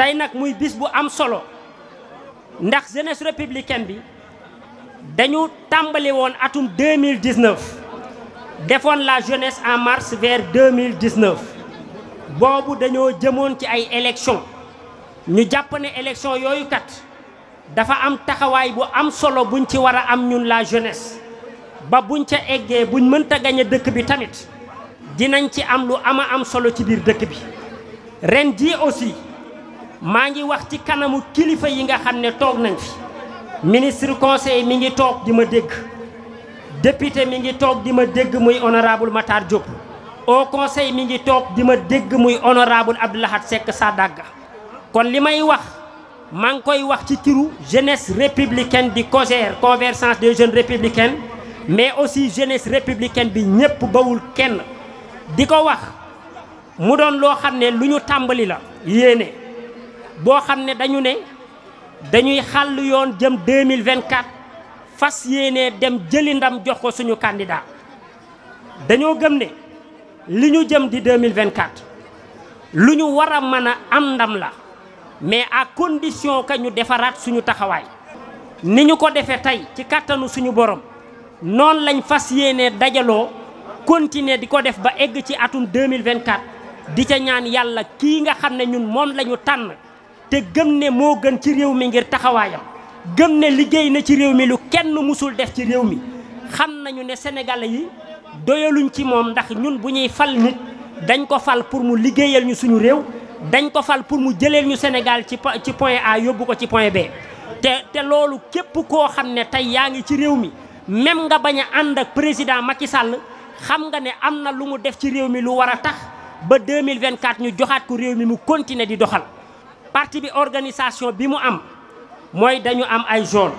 tey nag muy bis bu am solo ndax jeunesse républicaine bi dañu tàmbali woon atum 2019 defoon la jeunesse en mars vers 2019 boobu dañoo jëmoon ci ay élections ñu jàpp ne élections yooyu kat dafa am taxawaay bu am solo buñ ci war a am ñun la jeunesse ba buñ ca eggee buñ mënta gañ dëkk bi tamit dinañ ci am lu ama am solo ci biir dëkk bi ren jii aussi. maa ngi wax ci kanamu kilifa yi nga xam ne toog nañ fi ministre conseil mi ngi toog di ma dégg député mi ngi toog di ma dégg muy honorable Matar Diop au conseil mi ngi toog di ma dégg muy honorable Abdou Lahad Seck Sadaga kon li may wax maa ngi koy wax ci turu jeunesse républicaine di COJER convergence des jeunes républicains mais aussi jeunesse républicaine bi ñépp bawul kenn di ko wax mu doon loo xam ne lu ñu tàmbali la yéene boo xam ne dañu ne dañuy xàll yoon jëm 2024 fas yéenee dem jëli ndam jox ko suñu candidat dañoo gëm ne li ñu jëm di 2024 lu ñu war a mën a am ndam la mais à condition que ñu defaraat suñu taxawaay ni ñu ko defee tey ci kàttanu suñu borom noonu lañ fas yéenee dajaloo continuer di ko def ba egg ci atum 2024 di ca ñaan yàlla kii nga xam ne ñun moom la ñu tànn te gën ne moo gën ci réew mi ngir taxawaayam gën ne liggéey na ci réew mi lu kenn musul def ci réew mi xam nañu ne sénégalais yi doyaluñ ci moom ndax ñun bu ñuy fal nit dañ ko fal pour mu liggéeyal ñu suñu réew dañ ko fal pour mu jëleel ñu Sénégal ci ci point A yóbbu ko ci point B te te loolu képp koo xam ne tey yaa ngi ci réew mi même nga bañ a ànd ak président Macky Sall xam nga ne am na lu mu def ci réew mi lu war a tax ba 2024 ñu joxaat ko réew mi mu continuer di doxal parti bi organisation bi mu am mooy dañu am ay zone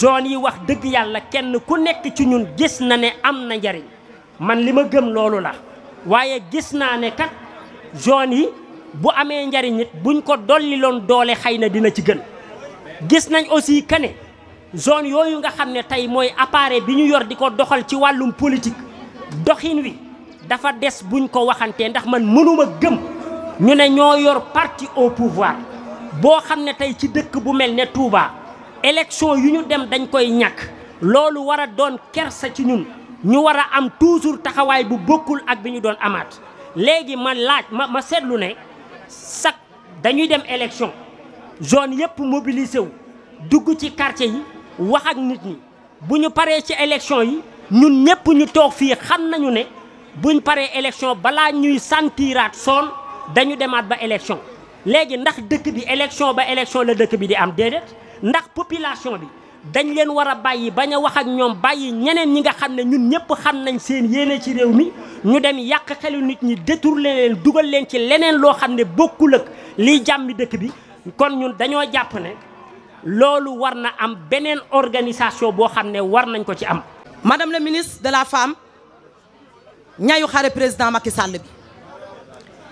zone yi wax dëgg yàlla kenn ku nekk ci ñun gis na ne am na njariñ man li ma gëm loolu la waaye gis naa ne kat zone yi bu amee njariñ buñ ko dolliloon doole xëy na dina ci gën gis nañ aussi que ne yooyu nga xam ne tey mooy appareil bi ñu yor di ko doxal ci wàllum politique doxin wi dafa des buñ ko waxantee ndax man mënuma gëm ñu ne ñoo yor parti o pouvoir boo xam ne tey ci dëkk bu mel ne Touba élection yu ñu dem dañ koy ñàkk loolu war a doon kersa ci ñun ñu war a am toujours taxawaay bu bokkul ak bi ñu doon amaat léegi ma laaj ma ma seetlu ne sax dañuy dem élection zone yëpp mobilisé wu dugg ci quartier yi wax ak nit ñi bu ñu paree ci élection yi ñun ñëpp ñu toog fii xam nañu ne buñ paree élection balaa ñuy santiiraat soon dañu demaat ba élection léegi ndax dëkk bi élection ba élection la dëkk bi di am déedéet ndax population bi dañ leen war a bàyyi bañ a wax ak ñoom bàyyi ñeneen ñi nga xam ne ñun ñëpp xam nañ seen yéene ci réew mi ñu dem yàq xelu nit ñi détourné leen dugal leen ci leneen loo xam ne bokkul ak liy jàmmi dëkk bi kon ñun dañoo jàpp ne loolu war na am beneen organisation boo xam ne war nañ ko ci am. madame la ministre de la femme ñayu xare président Macky Sall bi.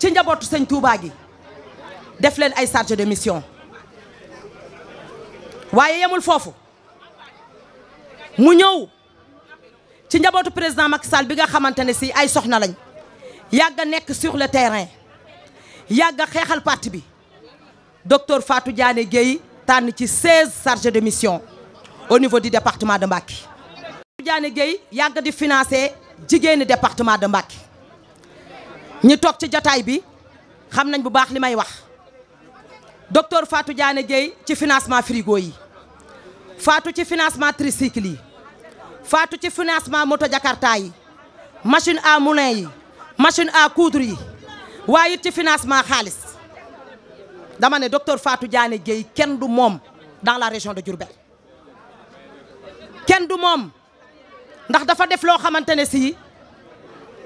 ci njabootu sëñ Touba gi def leen ay chargé de mission waaye yemul foofu mu ñëw ci njabootu président Macky Sall bi nga xamante ne si ay soxna lañ yàgg nekk sur le terrain yàgg xeexal parti bi docteur Fatou Diané Guèye tànn ci 16 chargés de mission au niveau de département de Mbacké. Fatou Diané Guèye yàgg di financer jigéeni département de Mbacké. ñi toog ci jataay bi xam nañ bu baax li may wax docteur faatu jaane Dieye ci financement frigo yi faatu ci financement tricycle yi faatu ci financement moto jakarta yi machine à moulin yi machine à coudre yi waaye ci financement xaalis dama ne docteur faatu jaane Dieye kenn du moom dans la région de Diourbel kenn du moom ndax dafa def loo xamante ne si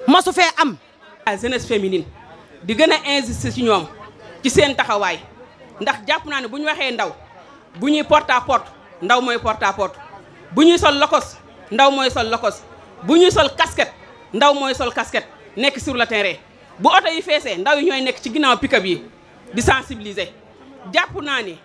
masu fee am à jeunesse féminine di gën a insister ci ñoom ci seen taxawaay ndax jàpp naa ne bu ñu waxee ndaw bu ñuy porte porte ndaw mooy porte porte bu ñuy sol lokos ndaw mooy sol lokos bu ñuy sol casquette ndaw mooy sol casquette nekk sur le terrain bu oto yi feesee ndaw yi ñooy nekk ci ginnaaw pick-up yi di sensibiliser jàpp naa ni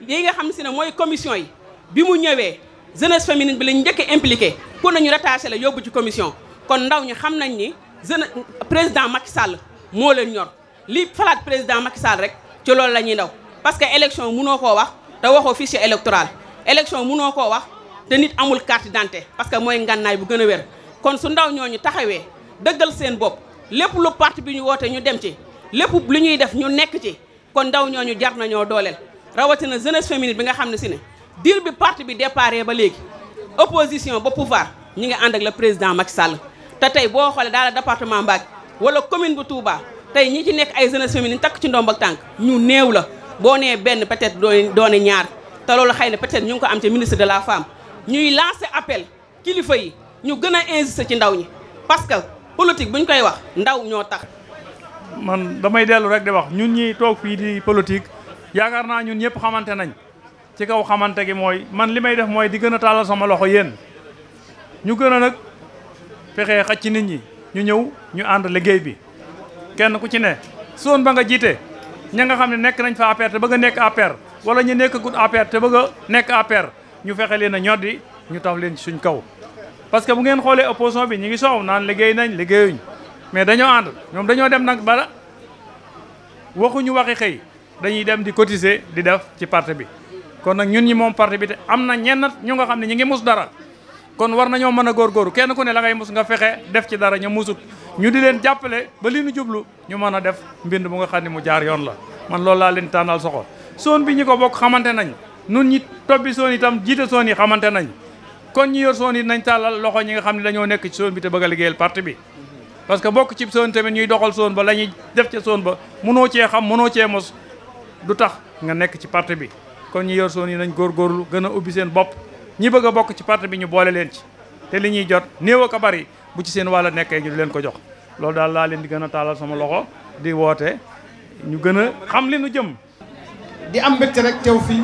lii nga xam si ne mooy commission yi bi mu ñëwee jeunesse féminine bi lañ njëkk impliqué pour nañu rattaché la yóbbu ci commission kon ndaw ñi xam nañ ni jeune président Macky Sall moo leen ñor li falaat président Macky Sall rek ci loolu la ñuy ndaw parce que élection mënoo koo wax te waxoo fichier électoral élection mënoo koo wax te nit amul carte d'identité parce que mooy ngànnaay bu gën a wér kon su ndaw ñoo ñu taxawee dëggal seen bopp lépp lu parti bi ñu woote ñu dem ci lépp lu ñuy def ñu nekk ci kon ndaw ñooñu jar nañoo dooleel rawatina jeunesse féminine bi nga xam ne si ne diir bi parti bi déparé ba léegi opposition ba pouvoir ñi ngi ànd ak le président Macky Sall te tey boo xoolee daal département Mbacké wala commune bu Touba tey ñi ci nekk ay jeunesse féminine takk ci ndomb ak tànk ñu néew la boo nee benn peut-être doone doone ñaar te loolu xëy na peut-être ñu ngi ko am ci ministre de la femme ñuy lancer appel kilifa yi ñu gën a insister ci ndaw ñi parce que politique bu ñu koy wax ndaw ñoo tax. man damay dellu rek di wax ñun ñi toog fii di politique yaakaar naa ñun ñëpp xamante nañ ci kaw xamante gi mooy man li may def mooy di gën a tàllal sama loxo yéen fexee xaj ci nit ñi ñu ñëw ñu ànd liggéey bi kenn ku ci ne soon ba nga jiite ña nga xam ne nekk nañ fa APR te bëgg a nekk APR wala ñu nekkagul APR te bëgg a nekk APR ñu fexe leen a ñoddi ñu taf leen ci suñ kaw parce que bu ngeen xoolee opposition bi ñu ngi soow naan liggéey nañ liggéeyuñ mais dañoo ànd ñoom dañoo dem nag bala waxuñu waxi xëy dañuy dem di cotiser di def ci parti bi kon nag ñun ñi moom parti bi te am na ñenn ñu nga xam ne ñu ngi mus dara kon war nañoo mën a góor góor kenn ku ne la ngay mus nga fexe def ci dara ñu musut ñu di leen jàppale ba li nu jublu ñu mën a def mbind mu nga xam ne mu jaar yoon la man lool laa leen tànnal soxo soon bi ñu ko bokk xamante nañ nun ñi tobbi soon itam jiite soon yi xamante nañ kon ñi yor soon yi nañ tàllal loxo ñi nga xam ne dañoo nekk ci soon bi te bëgg a liggéeyal parti bi parce que bokk ci soon tamit ñuy doxal soon ba la ñuy def ca soon ba mënoo cee xam mënoo cee mos du tax nga nekk ci parti bi kon ñi yor soon yi nañ góorgóorlu gën a ubbi bopp ñi bëgg a bokk ci parti bi ñu boole leen ci te li ñuy jot néew ak a bari bu ci seen wàll nekkee ñu du leen ko jox loolu daal laa leen di gën a taalal sama loxo di woote ñu gën a xam li nu jëm. di am mbégte rek teew fii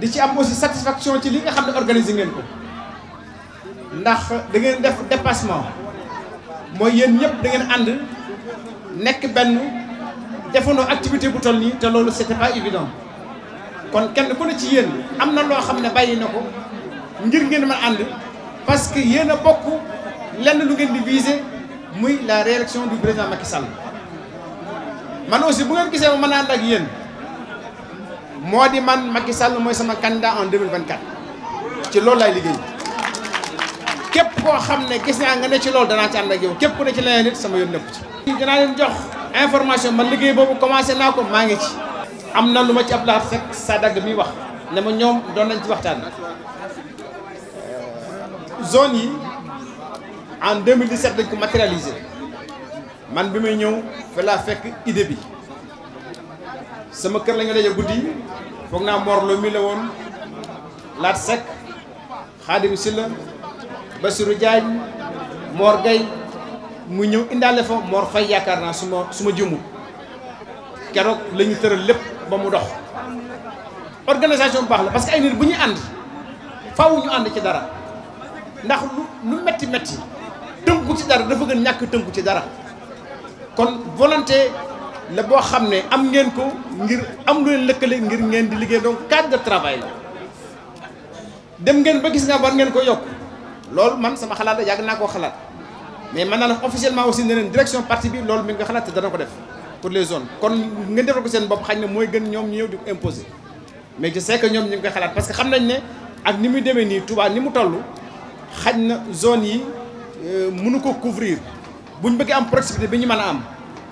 di ci am aussi satisfaction ci li nga xam ne organiser ngeen ko ndax da def dépassement mooy yéen ñëpp da ngeen ànd nekk benn defandoo activité bu toll nii te loolu c'était pas évident. kon kenn ku ne ci yéen am na loo xam ne bàyyi na ko ngir ngeen mën ànd parce que yéen a bokk lenn lu ngeen di viser muy la réélection du président Macky Sall man aussi bu ngeen gisee ma mën a ànd ak yéen moo di man Macky Sall mooy sama candidat en 2024 ci loolu laay liggéey képp koo xam ne gis naa nga ne ci lool danaa ci ànd ak yow képp ku ne ci leneen nit sama yoon nëpp ci danaa leen jox information man liggéey boobu commencé naa ko maa ngi ci am na lu ma ci ab laat dagg mi wax ne ma ñoom doon nañ ci waxtaan zone yi en 2017 dañ ko matérialiser man bi may ñëw fa laa fekk idée bi sama kër la ñu daje guddi foog naa Mor Lo mi la woon Laat Seck Xaadim Silla Bassirou Diagne Mor Gueye mu ñëw indaale fa Mor fay yaakaar naa su ma su ma jëmul keroog lañu ñu tëral lépp ba mu dox organisation bu baax la parce que ay nit bu ñuy ànd faaw ñu ànd ci dara ndax lu lu metti metti tënku ci dara dafa gën ñàkk tënku ci dara kon volonté la boo xam ne am ngeen ko ngir am lu leen lëkk lëkkale ngir ngeen di liggéey donc cadre de travail la dem ngeen ba gis nga war ngeen ko yokk loolu man sama xalaat la yàgg naa koo xalaat mais man naa la officiellement aussi ne leen direction parti bi loolu mi nga xalaat te dana ko def pour les zones kon ngeen defal ko bopp xañ ne mooy gën ñoom ñu ñëw mais je sais que ñoom ñu ngi koy xalaat parce que xam nañ ne ak ni muy demee nii Touba ni mu tollu xaj na zone yi euh, mënu ko couvrir buñ bëggee am proximité bi ñu mën a am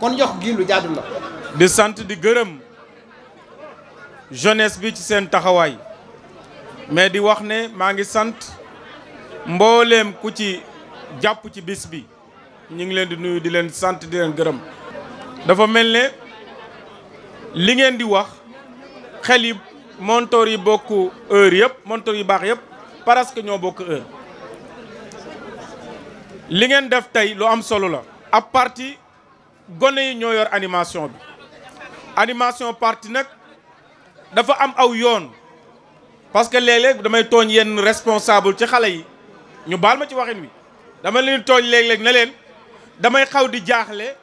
kon yokk gi lu jaadu la. di sant di gërëm jeunesse bi ci seen taxawaay mais di wax ne maa ngi sant mbooleem ku ci jàpp ci bis bi ñu ngi leen di nuyu di leen sant di leen gërëm. dafa mel ne li ngeen di wax xel yi. montoor yi bokk heure yëpp montoor yu baax yëpp parce ñoo bokk heure li ngeen def tey lu am solo la ab parti gone yi ñoo yor animation bi animation parti nag dafa am aw yoon parce que léeg damay tooñ yenn responsable ci xale yi ñu baal ma ci waxin wi dama leen tooñ léeg-léeg ne leen damay xaw di jaaxle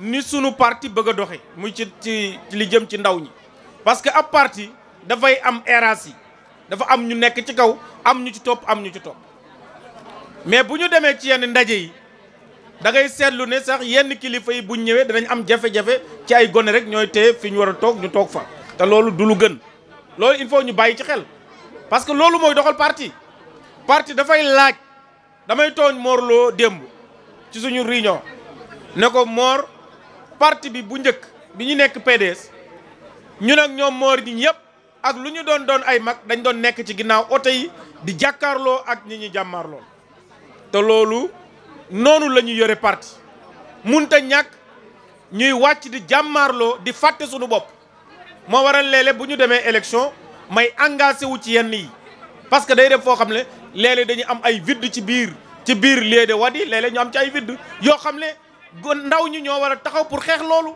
ni sunu parti bëgg a doxe muy ci ci li jëm ci ndaw ñi parce ab parti dafay am eras yi dafa am ñu nekk ci kaw am ñu ci topp am ñu ci topp mais bu ñu demee ci yenn ndaje yi da ngay seetlu ne sax yenn kilifa yi buñ ñëwee danañ am jafe-jafe ci ay gone rek ñooy téye fi ñu war a toog ñu toog fa te loolu du lu gën loolu il faut ñu bàyyi ci xel parce que loolu mooy doxal parti parti dafay laaj damay tooñ moorloo démb ci suñu réunion ne ko moor parti bi bu njëkk bi ñu nekk PDS ñu ak ñoom moor ñi ñëpp ak lu ñu doon doon ay mag dañ doon nekk ci ginnaaw oto yi di jàkkaarloo ak ñi ñu jàmmaarloo te loolu noonu la ñu yore parti munta ñàkk ñuy wàcc di jàmmaarloo di fàtte sunu bopp moo waral léeg-léeg bu ñu demee élection may engagé wu ci yenn yi parce que day dem foo xam ne léeg dañu am ay vide ci biir ci biir lieu de Wadi léeg-léeg ñu am ci ay vide yoo xam ne ndaw ñi ñoo war a taxaw pour xeex loolu